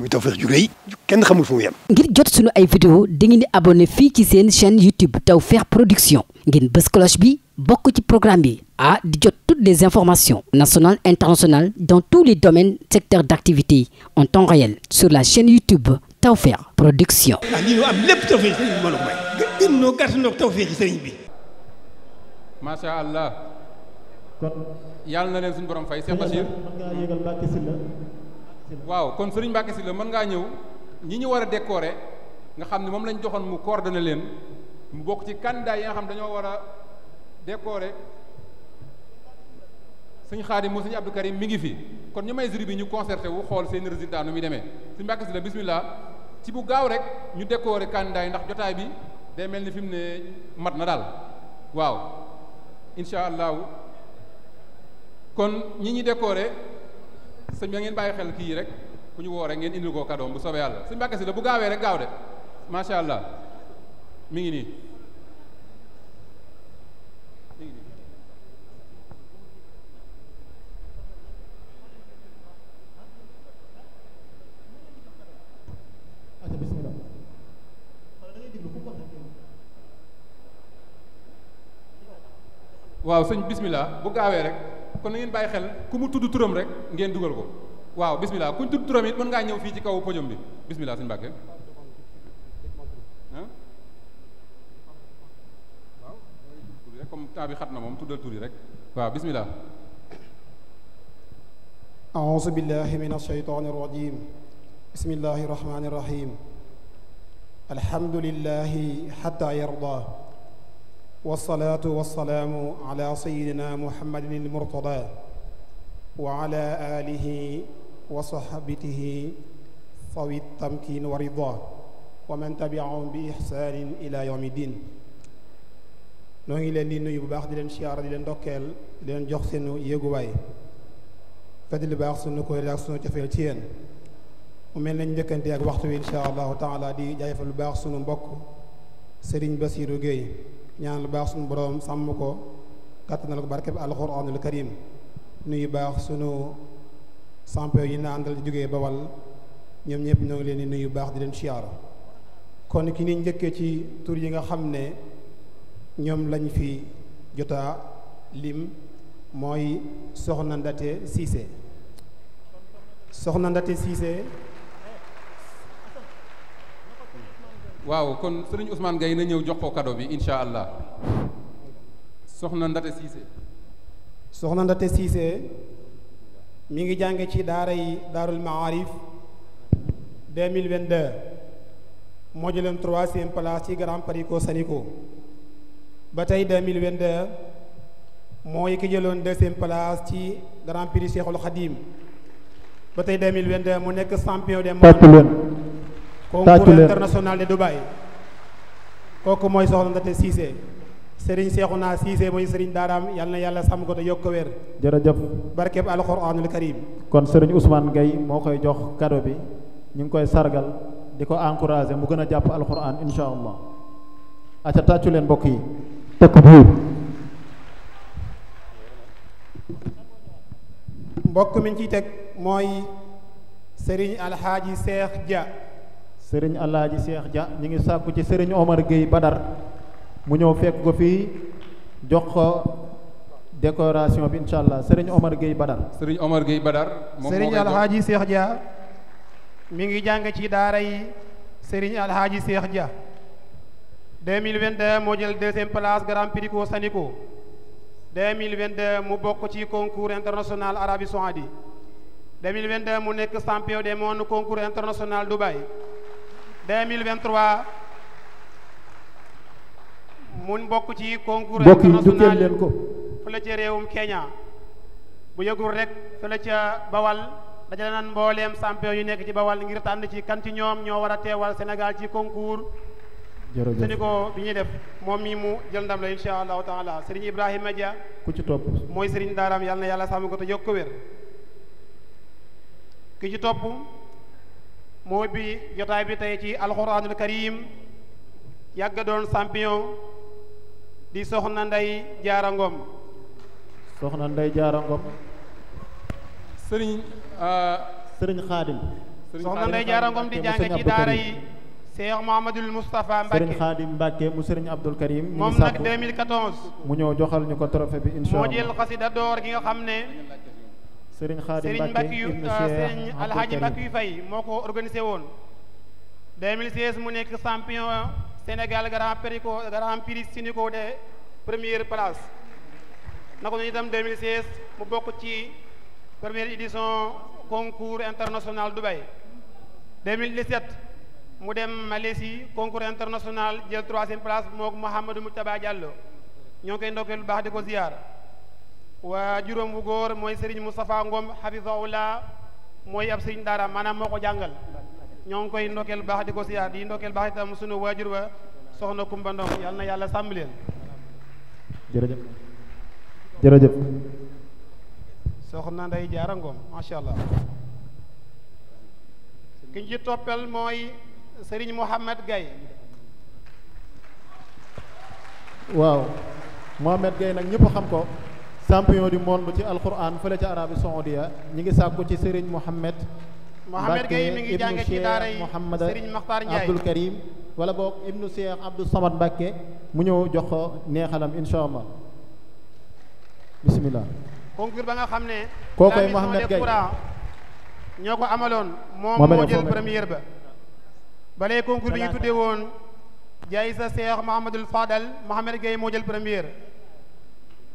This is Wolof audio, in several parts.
muy Tawfekh ju kenn xamul fu mu ngir jot sunu ay vidéo dangeen di abonné fii ci seen chaîne YouTube Tawfekh Production ngeen bës bi bokk ci programme bi a di jot toutes les informations nationales internationales dans tous les domaines secteurs d'activité en temps réel sur la chaîne YouTube Tawfekh Production. ah lii ñu am lépp Tawfekh sëriñ bi waaw kon Serigne Mbacké Sylla mën ngaa ñëw ñi ñu war a décorer nga xam ne moom lañ joxoon mu coordonné leen mu bokk ci candidat yi nga xam dañoo war a décorer suñ Xaadim moo suñ Abdou mi ngi fi kon ñu may jury bi ñu concerté wu xool seen résultat nu muy demee Serigne Mbacké Sylla bismillah ci bu gaaw rek ñu décorer candidat yi ndax jotaay bi day mel ni fi mu ne mat na daal waaw incha allahu kon ñi ñi décorer sëñ bi ngeen bàyyi xel kii rek ku ñu woo rek ngeen indil ko kadoom bu soobee yàlla sëñ Mbàkke si la bu gaawee rek gaaw de mi ngi nii mi waaw sëñ bismillah bu gaawee rek kon na ngeen bàyyi xel ku mu tudd turam rek ngeen dugal ko waaw bismillah kuñ tudd turam it mën ngaa ñëw fii ci kaw podium bi bismillah sëñ Mbàkke comme temps bi xat na moom tuddal tur rek waaw bismillah أعوذ بالله من الشيطان الرجيم بسم الله الرحمن الرحيم الحمد لله حتى يرضى wasalaatu wasalaamu ala sayidina muhammadin almurtada wa ala alihi wa saxabatihi sawi tamkin wa rida wa man tabiahum bi ixsaanin ila yawmi din noo ngi leen di nuyu bu baax di leen siyaara di leen ndokkeel di leen jox seenu yéeguwaay fedd li baax sunu ko ak sunu cofeel ci yéen mu mel nañ njëkkante ak waxtu wi insha allahu taala di jaajëfal lu baax sunu mbokk Sëriñ Basiiru Géey ñaan lu baax suñu boroom sàmm ko kàttanal ko barkeb alxuraanul karim nuyu baax sunu sampe yi na àndal jógee bawal ñoom ñëpp ñoo ngi leen di nuyu baax di leen siyaar kon ki ni njëkkee ci tur yi nga xam ne ñoom lañ fi jotaa lim mooy soxna Ndate Cissé soxna Ndate waaw kon sëriñ Ousmane Gaye na ñëw jox ko cadeau bi incha allah soxna Ndate Cissé. soxna Ndate Cissé mi ngi jànge ci daara yi Daarul Maarif 2022 moo jëloon troisième place ci Grand Prix ko Sanico ba tey moo mooy ki jëloon deuxième place ci Grand Prix Cheikhul Khadim ba tey 2022 mu nekk champion des mondes concours international de Dubaï kooku mooy soxna Ndate Cissé Serigne Cheikhouna Cissé mooy Serigne daaraam yal na yàlla sàmm ko te yokk ko wér. jërëjëf barkeb alxuraanul karim kon Serigne Ousmane Gueye moo koy jox cadeau bi ñu ngi koy sargal di ko encouragé mu gën a jàpp alxuraan incha allah acca tàccu leen mbokk yi takbiir mbokk mi ci ciy teg mooy Serigne Alxaaji Seex Dia. sëriñ Alaaji Cheikh Dia ñu ngi sàkku ci sëriñ Omar Gueye Badar mu ñëw fekk ko fii jox ko bi incha allah sëriñ Omar Gueye Badar. sëriñ Omar Gueye Badar. moom sëriñ Alaaji Cheikh Dia mi ngi jàng ci daara yi sëriñ Alaaji Cheikh Dia. 2022 moo jël deuxième place Grand Prix ko Sanico 2022 mu bokk ci concours international Arabie Saoudite 2022 mu nekk champion des mondes concours international Dubaï 2023 mun bokk ci concours international leen ko fële ci réewum Kenya bu yëgul rek fële ca Bawal dajale nan mbooleem champion yu nekk ci Bawal ngir tànn ci kan ci ñoom ñoo war a teewal Sénégal ci concours jërëjëf sëñ ko bi ñuy def moom mii mu jël ndam la insha allahu taala sëriñ Ibrahima Dia ku ci topp mooy sëriñ daaram yàlla na yàlla sàmm ko te yokk ko ki ci topp moo bi jotaay bi tey ci alxuraanul karim yàgg doon champion di soxna nday jaara ngom soxna nday jaara ngom sëriñ euh, sëriñ xaadim soxna nday jaara ngom di jànge ci daara yi Seex Muhammadul Moustapha Mbacke Serigne Khadim mu Serigne Abdoul Karim. moom nag mu ñëw joxal ñu ko trophée bi incha moo jël xasida door gi nga xam ne. Serigne Khadim Mbacké ibn Cheikh Alhaji moo ko organisé woon 2016 mu nekk champion Sénégal Grand Prix ko Grand Prix de première place naka noonu itam 2016 mu bokk ci première édition concours international Dubaï 2017 mu dem Malaisie concours international jël troisième place mook Mouhamadou Moutaba Diallo ñoo ngi koy ndokkeel lu baax di ko ziyaar waa juróom bu góor mooy Serigne Moustapha Ngom hafizahullah mooy ab Serigne daara maanaam moo ko jàngal ñoo ngi koy ndokkeel baax di ko siyaar di ndokkeel baax itam sunu waajur wa soxna Kumba Ndong yal na yàlla sàmm leen. jërëjëf jërëjëf. soxna Ndeye Diarra Ngom macha allah. ki ñu ci toppal mooy sëriñ Mohamed Gaye waaw Mohamed Gaye nag ñëpp xam ko. champion du monde ci alquran fële ca arabi saudiya ñi ngi sàkku ci Serigne Mohamed Mohamed Gaye mi ngi jànge ci daara yi Mohamed Serigne Makhtar Ndiaye wala boog ibnu Cheikh Abdou Samad Mbacké mu ñëw jox ko neexalam insha allah bismillah concours ba nga xam ne koo koy Mohamed Gaye ñoo ko amaloon moom moo jël première ba balee concours bi ñu tuddee woon jaay sa Cheikh Mahamadul Fadal Mohamed Gaye moo jël première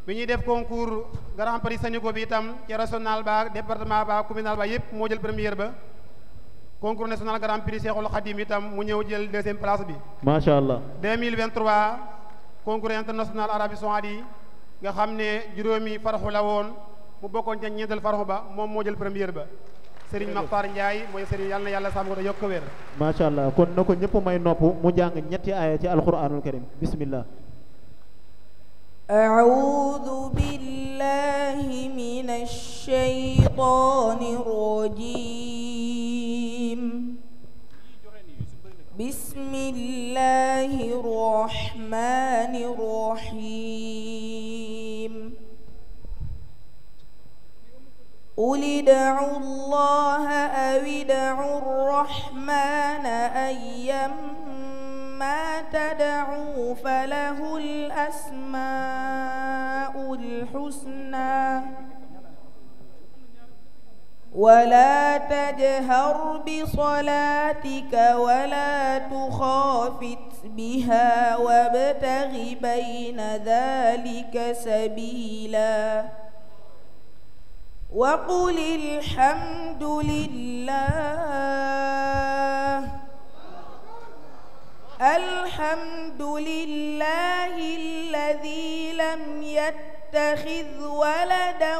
bi ñuy def concours grand prix ko bi tam ci régional baa département ba communal ba yëpp moo jël première ba concours national grand prix Cheikhul Khadim tam mu ñëw jël deuxième place bi. macha allah 2023 concours international Arabie Saoudite nga xam ne juróomi farxu la woon mu bokkoon ca ñeenteel farxu ba moom moo jël première ba. Serigne Makhtar Ndiaye mooy Serigne yàlla na yàlla sàmm ko te yokk ko wér. macha allah kon na ko ñëpp may nopp mu jàng ñetti aaya ci alquranul karim bismillah. أعوذ بالله من الشيطان الرجيم بسم الله الرحمن الرحيم قل ادعوا الله أو ادعوا الرحمن أيما ما تدعوا فله الأسماء الحسنى ولا تجهر بصلاتك ولا تخافت بها وابتغ بين ذلك سبيلا وقل الحمد لله الحمد لله الذي لم يتخذ ولدا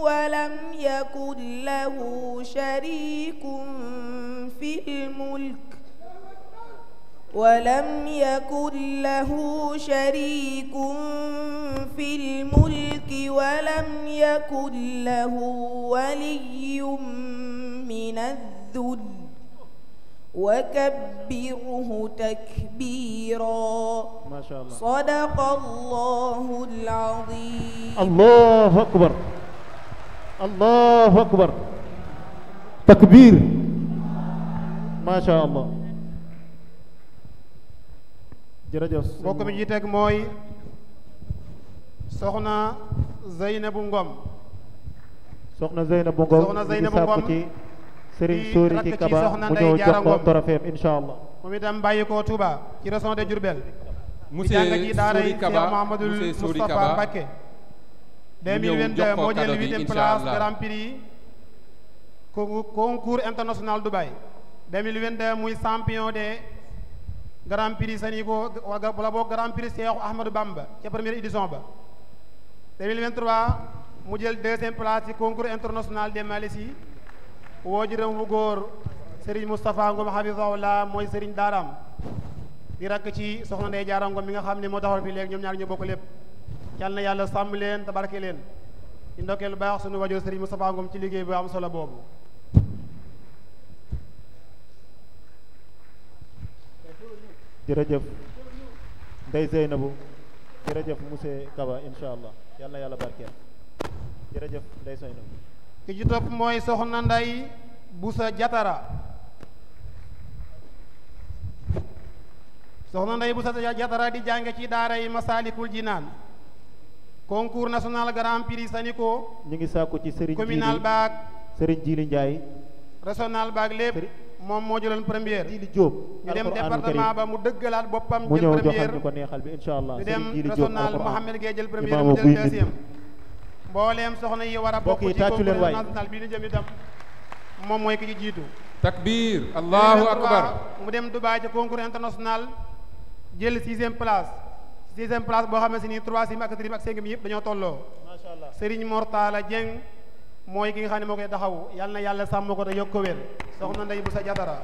ولم يكن له شريك في الملك ولم يكن له شريك في الملك ولم يكن له ولي من الذل وكبره تكبيرا ما شاء الله صدق الله العظيم الله أكبر الله أكبر تكبير ما شاء الله jërëjëf mbokk mi jiiteeg mooy soxna Zeynabu Ngom soxna Zeynabu Ngom soxna Zeynabu Ngom Serigne Soori mu ñëw jox ko ci de Diourbel. monsieur Soori concours international Dubaï. 2022 muy champion des Grand Prix Sénico wala boog Grand Prix Cheikhou Ahmadou Bamba ca première édition ba. mu jël deuxième place ci concours international des Malaisie. waajuram bu góor sëriñ Serigne Moustapha Ngom laa mooy Serigne daaraam di rakk ci soxna Ndey Jaara Ngom mi nga xam ne moo taxawal fi léegi ñoom ñaar ñoo bokk lépp yal na yàlla sàmm leen te barke leen di ndokkee lu baax sunu waajur Serigne Moustapha Ngom ci liggéey bu am solo boobu jërëjëf Ndey Zeynabu jërëjëf monsieur Kaba incha allah yal na yàlla barkeel jërëjëf Ndey Zeynabu ki ci topp mooy soxna nday busa jatara soxna nday busa jatara di jànge ci daara yi masaalikul jinaan concours national grand prix Sanico ñu ngi sàkku ci sëriñ communal baag sëriñ Jili Njaay régional baag lépp moom moo jëloon première Jili Jóob ñu dem département ba mu dëggalaat boppam jël première mu ñëw joxal ñu ko neexal bi incha allah ñu dem régional Mohamed Gueye jël première mu jël deuxième mbooleem soxna yi war a bokk ci concours national bi ñu jëm itam moom mooy ki ci jiitu takbir allahu akbar mu dem Dubaay ci concours international jël sixième place sixième place boo xam ne si nii troisième ak quatrième ak yëpp dañoo tolloo macha allah Serigne Mortala mooy ki nga xam ne moo koy taxaw yal na yàlla sàmm ko te yokk ko soxna ndey bu sa jatara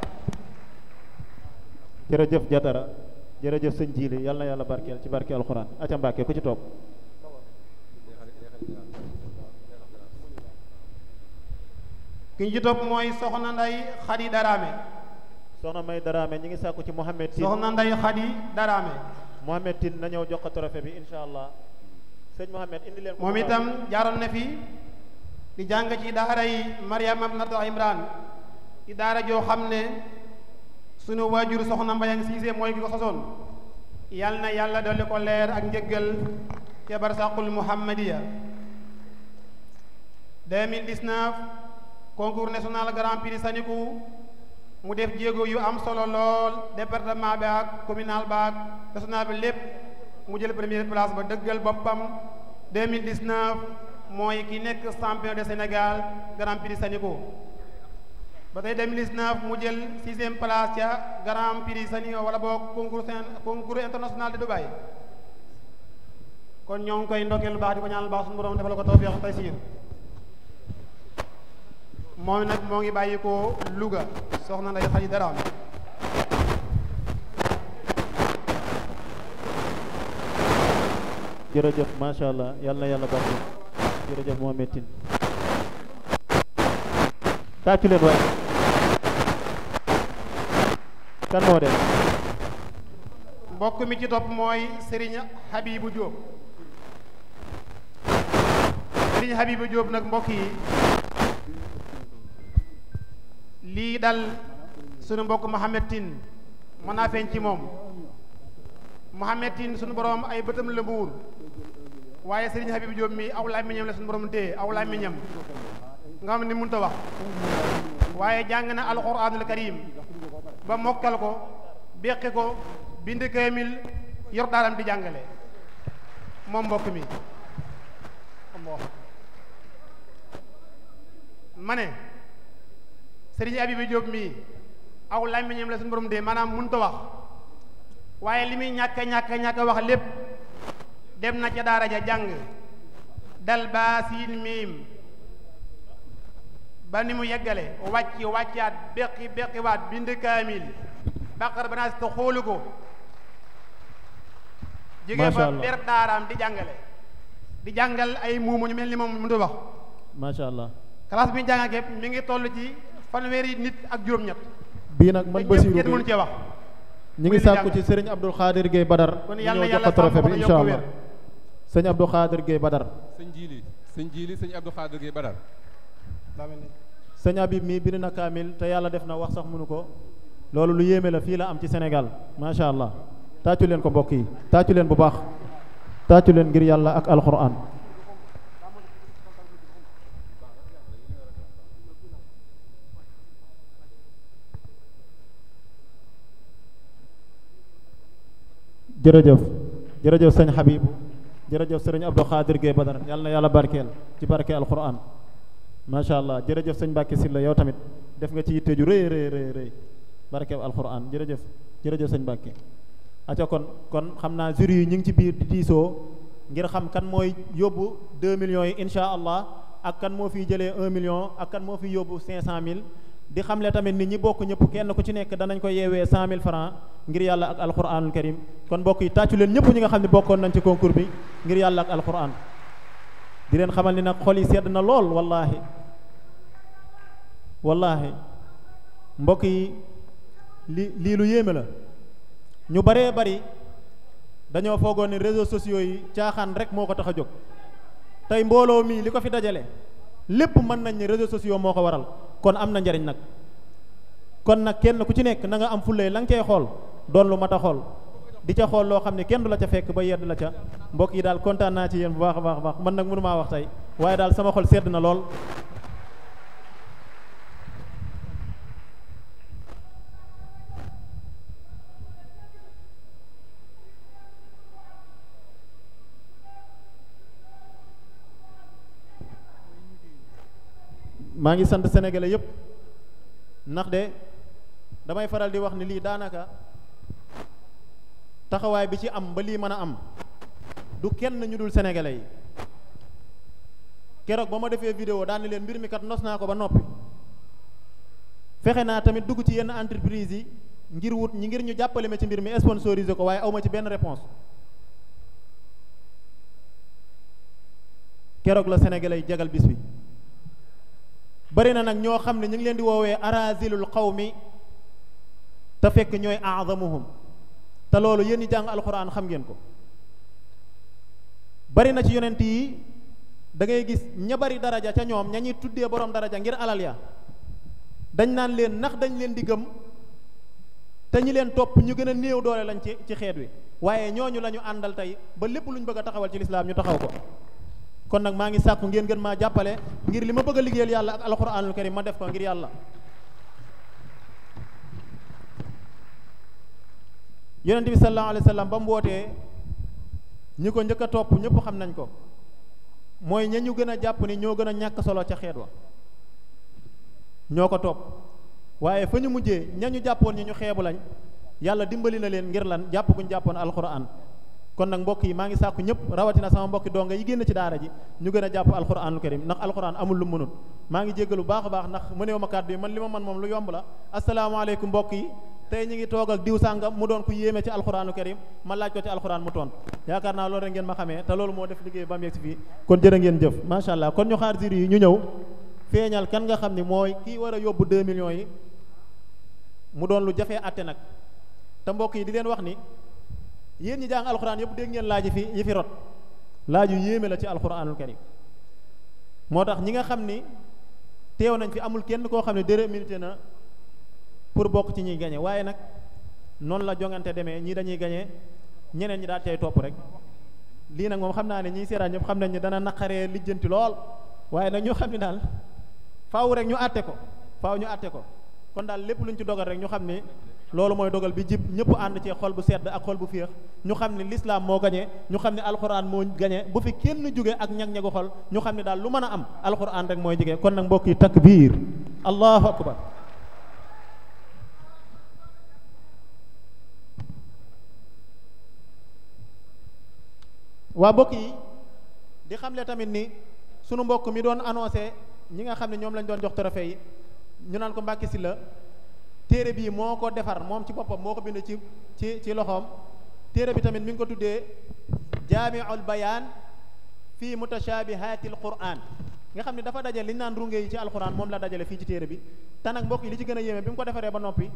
jërëjëf jatara jërëjëf sëñ jiili yal na yàlla barkeel ci barke alxuraan aca mbàkke ku ci topp ki ñu ci topp mooy soxna nday xadi daraame soxna may daraame ñi ngi sàkku ci Mohamed Tine soxna nday xadi daraame Mohamed Tine na jox ko trophée bi insha allah sëñ Mohamed indi leen moom itam jaaroon na fi di jàng ci daara yi Mariam Abnata Imran di daara joo xam ne sunu waajur soxna Mbayang Siise mooy ki sosoon yal na yàlla dolli ko leer ak njëggal ca barsaqul muhammadiya 2019 concours national grand prix Sanikou mu def jéego yu am solo lool département bi ak communal ba ak national bi lépp mu jël première place ba dëggal boppam 2019 mooy ki nekk champion de Sénégal grand prix Sanikou ba tey 2019 mu jël sixième place ca grand prix Sanikou wala boog concours concours international de Dubaï kon ñoo ngi koy ndokkeel lu baax di ko ñaanal baax suñu borom defal ko tawfeex tey siir moom nag moo ngi bàyyi ko Louga soxna Ndeye Khady Daraam jërëjëf macha allah yal na yàlla barke jërëjëf moo mettin tàccu leen waay kan moo dem mbokk mi ci topp mooy Serigne Habibou Diop Serigne Habibou Diop nag mbokk yi lii dal sunu mbokk Mouhamed Tine mën naa feeñ ci moom Mouhamed Tine sunu borom ay bëtam la buur waaye Serigne Habib Diop mi aw làmmiñam la sunu borom téye aw làmmiñam nga xam ne wax waaye jàng na alxuraanul karim ba mokkal ko beqi ko bind kaamil yor daaram di jàngale moom mbokk mi ma ne sëriñ Abiba Jóob mii aw làmmiñam la suñu borom dee maanaam mënut a wax waaye li muy ñàkk a ñàkk a wax lépp dem na ca daara ja jàng dal baa siin miim ba ni mu yeggale wàcci wàccaat beqi beqi waat bind kaamil baqar ba naas te xoolu ko jóge fa ber daaraam di jàngale di jàngal ay muumu ñu mel ni moom mënut wax macha allah classe bi jànga ngi toll ci fanweeri nit ak juróom bii nag man Bassirou Gueye mënu wax. ñu ngi sàkku ci sëriñ Abdou Khadir Gueye Badar. kon yàlla yàlla jox ko trophée bi incha allah sëñ Abdou Khadir Badar. sëñ Jili sëñ Jili sëñ Abdou Khadir Gueye Badar. sëñ Habib mii bind na kaamil te yàlla def na wax sax mënu ko loolu lu yéeme la fii la am ci senegal macha allah tàccu leen ko mbokk yi tàccu leen bu baax tàccu leen ngir yàlla ak alquran. jërëjëf jërëjëf sëñ Habib jërëjëf sëriñ Abdou Khadir Gueye Badar yàlla na yàlla barkeel ci barke alquran macha allah jërëjëf sañ Mbacke Sylla yow tamit def nga ci yitte ju rëy rëy rëy rëy barke jërëjëf jërëjëf sëñ Mbacke. aca kon kon xam naa jury yi ñu ngi ci biir di diisoo ngir xam kan mooy yóbbu 2 millions yi incha allah ak kan moo fiy jëlee un million ak kan moo fiy yóbbu mille di xamle tamit nit ñi bokk ñëpp kenn ko ci nekk danañ ko yeewee cent mille francs ngir yàlla ak alquranul karim kon mbokk yi tàccu leen ñëpp ñi nga xam ne bokkoon nañ ci concours bi ngir yàlla ak alquran di leen xamal ni nag xol yi sedd na lool wallaahi wallaahi mbokk yi li lii lu yéeme la ñu baree bari dañoo foogoon ne réseaux sociaux yi caaxaan rek moo ko tax a jóg tey mbooloo mii li ko fi dajale lépp mën nañ ni réseaux sociaux moo ko waral kon am na njariñ nag kon nag kenn ku ci nekk na nga am fullay la nga cay xool doon lu mat a xool di ca xool loo xam ne kenn du la ca fekk ba yedd la ca mbokk yi daal kontaan naa ci yéen bu baax a baax a baax man nag mënu maa wax tey waaye daal sama xol sedd na lool maa ngi sant sénégalais yépp ndax de damay faral di wax ni lii daanaka taxawaay bi ci am ba lii mën a am du kenn ñu dul sénégalais yi keroog ba ma defee vidéo daan leen mbir mi kat nos naa ko ba noppi fexe naa tamit dugg ci yenn entreprise yi ngir wut ñi ngir ñu jàppale ma ci mbir mi sponsorisé ko waaye awma ci benn réponse keroog la sénégalais yi jagal bis bi bari na nag ñoo xam ne ñu ngi leen di woowee xaw mi te fekk ñooy azamuhum te loolu yéen ñi jàng alquran xam ngeen ko bari na ci yonent yi dangay gis ña bari daraja ca ñoom ña ñuy tuddee borom daraja ngir alal ya dañ naan leen ndax dañ leen di gëm te ñi leen topp ñu gën a néew doole lañ ci ci xeet wi waaye ñooñu la ñu àndal tey ba lépp lu ñu bëgg a taxawal ci lislaam ñu taxaw ko kon nag maa ngi sàkku ngeen gën maa jàppale ngir li ma bëgg a liggéeyal yàlla ak alxuraanul karim ma def ko ngir yàlla yonent bi sallallahu alayhi ba mu ñi ko njëkka topp ñëpp xam nañ ko mooy ña ñu gën a jàpp ni ñoo gën a ñàkk solo ca xeet wa ñoo ko topp waaye fa ñu mujjee ña ñu jàppoon ñi ñu xeebu lañ yàlla dimbali na leen ngir lan jàpp guñ jàppoon alxuraan kon nag mbokk yi maa ngi sàkk ñëpp rawatina sama mbokki donga yi génn ci daara ji ñu gën a jàpp alquranul karim ndax alquran amul lu mënut maa ngi jéggalu baax a baax ndax mëneew ma kàddu yi man li ma man moom lu yomb la asalaamaaleykum mbokk yi tey ñu ngi toog ak diw sàngam mu doon ku yéeme ci alquranul karim ma laaj ko ci alquran mu tontu yaakaar naa loolu rek ngeen ma xamee te loolu moo def liggéey ba mu yegg si fii kon jërë ngeen jëf macha allah kon ñu xaar yi ñu ñëw feeñal kan nga xam ni mooy kii war a yóbbu 2 millions yi mu doon lu jafee atte nag te mbokk yi di leen wax ni yéen ñi jàng alxuraan yëpp dégg ngeen laaj fi yi fi rot laaju yéeme la ci alxuraanul karim moo tax ñi nga xam ni teew nañ fi amul kenn koo xam ne dérémilité na pour bokk ci ñuy gañe waaye nag noonu la jongante demee ñii dañuy gañe ñeneen ñi daal cay topp rek lii nag moom xam naa ne ñiy seetaan ñëpp xam nañ ne dana naqaree lijjanti lool waaye nag ñoo xam ne daal faaw rek ñu àtte ko faw ñu àtte ko kon daal lépp luñ ci dogal rek ñu xam ni loolu mooy dogal bi jib ñëpp ànd cee xol bu sedd ak xol bu féex ñu xam ne l'islam moo gañee ñu xam ne alxuraan moo gañee bu fi kenn jóge ak ñag-ñagu xol ñu xam ne daal lu mën a am alxuraan rek mooy jigee kon nag mbokk yi takbiir allahu akbar waa mbokk yi di xam xamle tamit ni sunu mbokk mi doon annoncé ñi nga xam ne ñoom lañ doon jox trophée yi ñu naan ko Mbàkke la téere bii moo ko defar moom ci boppam moo ko bind ci ci ci loxoom téere bi tamit mi ngi ko tuddee jaamiul bayaan fii mutashaabihatil quraan nga xam ne dafa dajale li ñu naan runge yi ci alquran moom la dajale fii ci téere bi te mbokki li ci gën a yéeme bi mu ko defaree ba noppi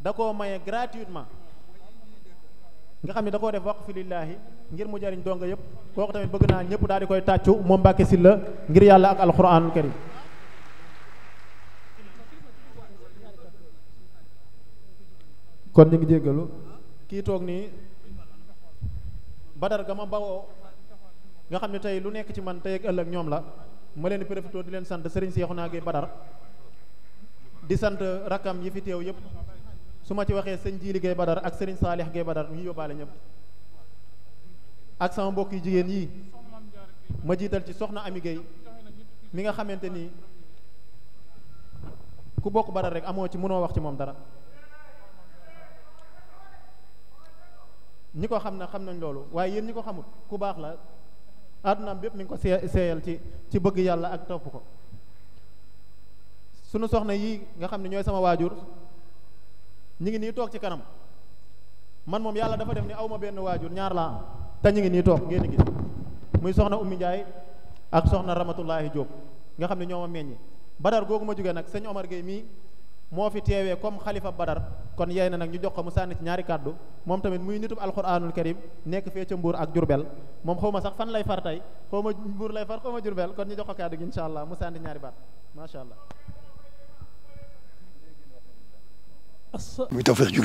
da koo maye gratuitement nga xam ne da koo def waqf lillaahi ngir mu jariñ donga yëpp ko tamit bëgg naa ñëpp daal di koy tàccu moom Mbàkke Sylla ngir yàlla ak alquran karim kon ñu ngi jéggalu kii toog nii badar ga ma bawoo nga xam ne tey lu nekk ci man tey ak ëllëg ñoom la ma leen profité di leen sant Serigne Cheikhouna Gueye Badar di sant rakkam yi fi teew yëpp su ma ci waxee sëñ Jili Gueye Badar ak Serigne Salih Gueye Badar ñu yóbbaale ñëpp ak sama mbokk yu jigéen yii ma jiital ci soxna Ami Gueye mi nga xamante ni ku bokk Badar rek amoo ci mënoo wax ci moom dara ñi ko xam na xam nañ loolu waaye yéen ñi ko xamut ku baax la àddunaam bépp mi ngi ko see seeyal ci ci bëgg yàlla ak topp ko sunu soxna yi nga xam ne ñooy sama waajur ñu ngi nii toog ci kanam man moom yàlla dafa def ni awma benn waajur ñaar laa am te ñu ngi nii toog ngeen gis muy soxna Oumy Ndiaye ak soxna Ramatullahi Diop nga xam ne ñoo ma meññi badar googu ma jógee nag sëñ Omar Gueye mii moo fi teewee comme xalifa badar kon yey na nag ñu jox ko mu sànni ci ñaari kàddu moom tamit muy nitub alquranul karim nekk fee ca mbuur ak jurbel moom xaw ma sax fan lay far tey xaw ma mbuur lay far xaw ma jurbel kon ñu jox ko kàddu gi incha allah mu sànni ñaari baat macha allah. muy Tawfekh ju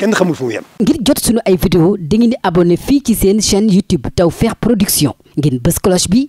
kenn xamul fu mu ngir jot sunu ay vidéo dangeen di abonné fii ci seen chaîne YouTube Tawfekh Production ngeen bës cloche bi.